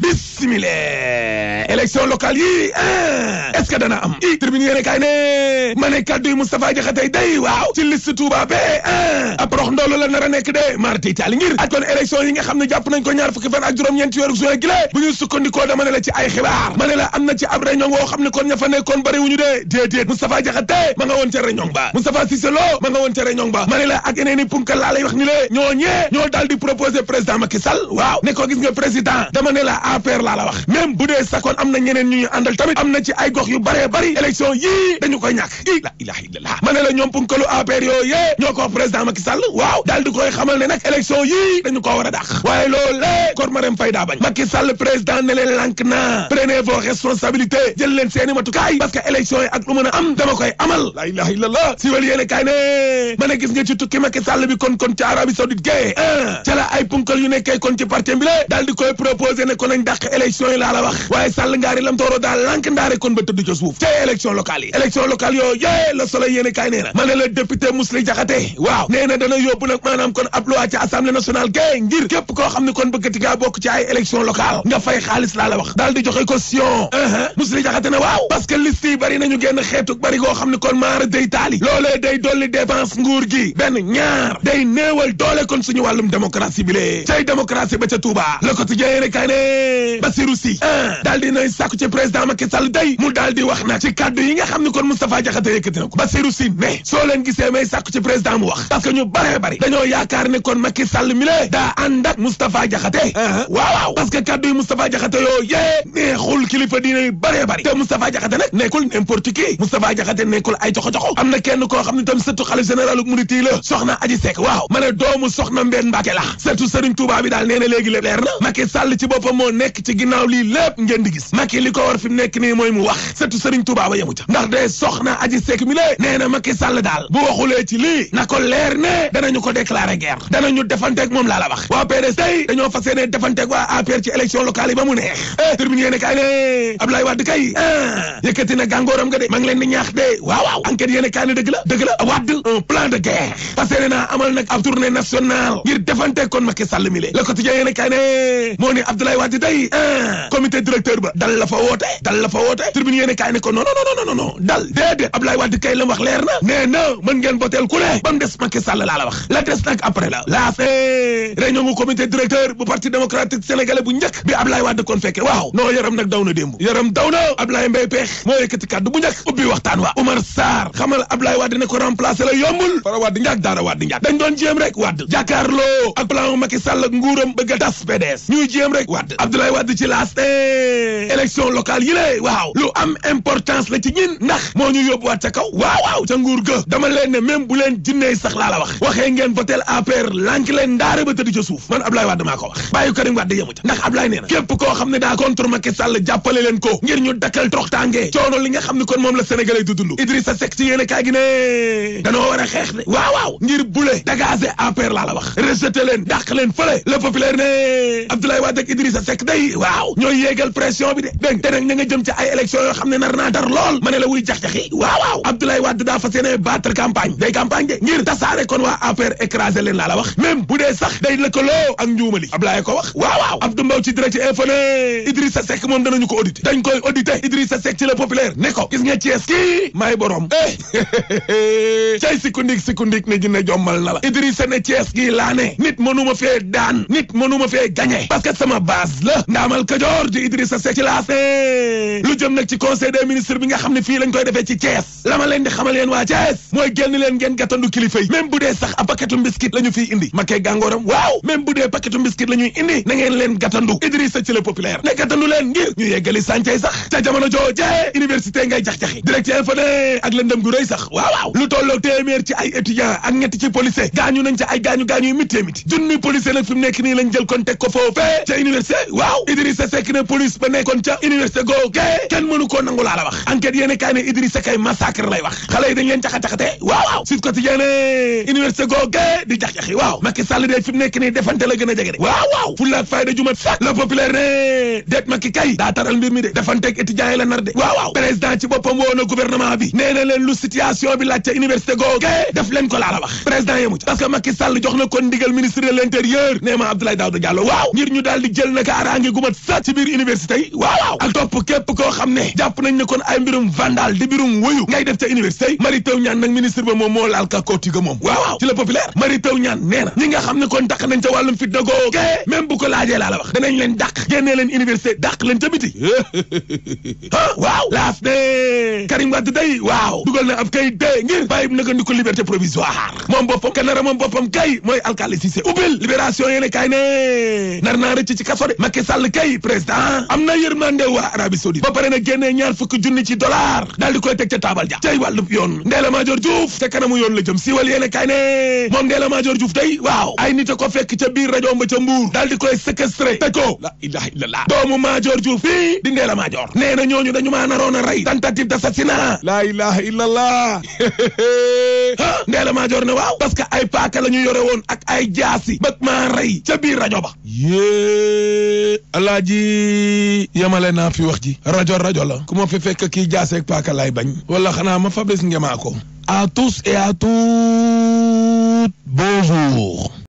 Bismillah. élection locale yi eh, est ce que dana am i tribune yéene kaay ne mané kaddu yi Moustapha Diakhaté day waw ci liste Touba be eh, ab rox ndolo la nar a nekk de marti taali ngir ak kon élection yi nga xam japp nañ ko ñaar fukki fan ak juróom ñent yoru soye juin bu ñu sukkandi ko dama ne la ci ay xibaar mané la amna ci ab réunion wo xam kon ña fa nekkoon bari wuñu de déedéet Moustapha Diakhaté ma nga won ci réunion ba Moustapha Cissé Lo ma nga won ci réunion ba mané la ak yeneen i punkal laa lay wax ni le ñoo ñee ñoo dal di proposer président Macky Sall waw ne ko gis nga président dama ne la APR laa la wax même bu dee sakoon am na ñeneen ñu ñu àndal tamit am na ci ay gox yu baree bari élection yii dañu koy ñàkk i la ilaha ma ne la ñoom punkalu APR yooyu ñoo ko wax président Macky Sall waaw daal di koy xamal ne nag élection yii dañu ko war a dàq waaye loolee kor Marème bañ Macky Sall président ne leen lànk naa prenez vos responsabilités jël leen seeni matukaay parce que élection yi ak lu mën am dama koy amal la ilaha si wal yéene ne ma ne gis ah yu ne ko nañ dàq yi laa la wax ndaari lam tooro daal lànk ndaare kon ba tëdd ca suuf ca élection locale yi élection locale yooyu yooye la solo yéene kaay nee ma ne la député Mously Diakhaté waaw nee dana yóbbu nag maanaam kon ab loi ci assemblée nationale gay ngir képp koo xam ne kon bëggati ngaa bokk ci ay élection locale nga fay xaalis laa la wax daal di joxe caution uh-huh. Mously Diakhaté na waaw parce que liste yi bari nañu génn xeetu bari koo xam ne kon maara day taali loolee day dolli dépense sakk ci président Macky Sall day mu daal di wax nag ci kàddu yi nga xam ne kon Moustapha Diakhaté yëkkati na ko Bassirou Sine mais soo leen gisee may sàkku ci président mu wax parce que ñu baree bari dañoo yaakaar ne kon Macky Sall mi lee daa ànd ak Moustapha Diakhaté uh-huh. waaw waaw parce que kàddu yi Moustapha Diakhaté yoo yee neexul kilifa diine yu baree bari te Moustapha Diakhaté nag nekkul n'importe qui Moustapha Diakhaté nekkul ay joxo-joxo am na kenn koo xam ne tam surtout xalif général murit yi la soxna Aji Seck waaw ma ne doomu soxna Mbène Mbacke la surtout bi daal léegi lépp leer na Macky Sall ci boppam moo nekk ci ginnaaw lii lépp ngeen di Macky li ko war fi mu nekk nii mooy mu wax surtout Serigne Touba ba yemu ca ndax de soxna Aji Seck mi lee nee na Macky Sall daal bu waxulee ci lii na ko leer ne danañu ko déclarer guerre danañu defanteeg moom laa la wax waa PDS tey dañoo fas yéene defanteeg waa APR ci élection locale yi ba mu neex eh, termine yéene kaay ne Abdoulaye Wade kay ah, yëkkati na gàngooram nga de ma ngi leen di ñaax de waaw waaw enquête yéene kaay ne dëgg la dëgg la Wade un plan de guerre fas yéene naa amal nag ab tournée nationale la fa woote dal fa woote tribune yéene kaay ne ko non non non non dal déedéet Abdoulaye Wade kay la wax leer na nee na mën ngeen boteel ku ne ba des Macky Sall wax la des nag après la laa see réunion directeur bu parti démocratique sénégalais bu njëkk bi Abdoulaye Wade kon fekke waaw non yaram nag daw na yaram daw na Abdoulaye Mbaye Peex moo yëkkati kàddu bu njëkk ubbi waxtaan wa Oumar Sarr xamal Abdoulaye Wade ne ko remplacer la yombul fara Wade njaak daara Wade njaak a tas élection locale yi lée waaw lu am importance la ci ñin ndax moo ñu yóbbuwaat ca kaw waaw waaw ca nguur ga dama leen ne même bu leen jinnee sax laa la wax waxee ngeen votel APR lànk leen ndaare ba tëdd ca suuf man Ablaye Wade maa wax bàyyi Karim Wade yemu ca ndax Ablaye nee na képp xam ne daa contre Macky Sall jàppale leen ko ngir ñu dakkal trox tàngee coono li nga xam ne kon moom la Sénégalais du dund Idrissa Seck ci yéen kaay gi ne danoo a xeex ne de dégg te nag na nga jëm ci ay élection yoo xam ne nar naa dar lool ma la wuy jax-jaxi waaw waaw Abdoulaye Wade daa fas yéene battre campagne day campagne de ngir tasaare kon waa APR écrasé leen laa la wax même bu dee sax day lëkkaloo ak njuumali Abdoulaye ko wax waaw waaw Abdou ci direct info ne Idrissa Seck moom danañu ko audité dañ koy audité Idrissa Seck ci le populaire ne ko gis nga Thiès kii maay borom eh cay sikundik sikundik ne jinne jommal na la Idrissa ne laasé lu jëm nag ci conseil des ministres bi nga xam ne fii lañ koy defee ci Thiès la ma di xamal yéen waa Thiès mooy génn leen ngeen gàttandu kilifa yi même bu sax a paquetu biscuit la ñu fiy indi makkee gàngooram waaw même bu dee paquetu biscuit la ñuy indi na ngeen leen gàttandu Idrissa ci le populaire ne gàttandu leen ngir ñu yeggali sàncay sax ca jamono joojee université ngay jax direct info ne ak lëndëm gu rëy sax waaw lu tolloo téeméer ci ay étudiant ak ñetti ca université googu kenn mënu koo nangu laa la wax enquête yéen Kay massacre lay wax xale yi dañ waaw waaw Sud Quotidien université googu a jege de waaw de defanteeg étudiants def leen ko laa la wax président yemu parce que jox na ko ndigal ministre de l'intérieur nee ma Abdoulaye Daouda waaw ngir ñu daal di jël na kaaraange gu mat sax ci biir université waaw ak topp képp koo xam ne jàpp nañ ne kon ay mbirum vandal di mbirum woyu ngay def ca université yi Mary Teuw Niane nag ministre ba moom moo laal ka kooti ga moom waaw waaw ci la populaire Mary Teuw Niane nee na xam ne kon dàq nañ ca wàllum fitna googu même bu ko laajee laa la wax danañ leen dàq génnee leen université dàq leen ca biti ah waaw laas ne Karim Wade day waaw dugal na ab kay dee ngir bàyyi naka ndi ko liberté provisoire moom boppam kanara moom mooy alkali Cissé ubbil libération yéene kay ne nar naa rëcc ci kaso de Macky Sall kay yërmande waa Arabie Saoudite ba pare nag génnee ñaar fukki junni ci dollar daal di koy teg ca taabal ja tey wàllub yoon Ndella Madior Diouf ca kanamu yoon la jëm siiwal yéene kaay ne moom Ndella Madior Diouf day waaw ay nit a ko fekk ca biir rajo ba ca Mbuur koy séquestré tëj ko la ilaha illallah doomu Madior Diouf fii di Ndella Madior a ne waaw parce ay paaka la ñu yore woon ak ay jaasi bëgg maa rey ca biir rajo ba yée alaaji yemale naa fi wax ji rajo rajo la ku ma fi fekk kii jaaseeg paaka laay bañ wala xanaa ma fabris ngemaa ko à tous et à toutes bonjour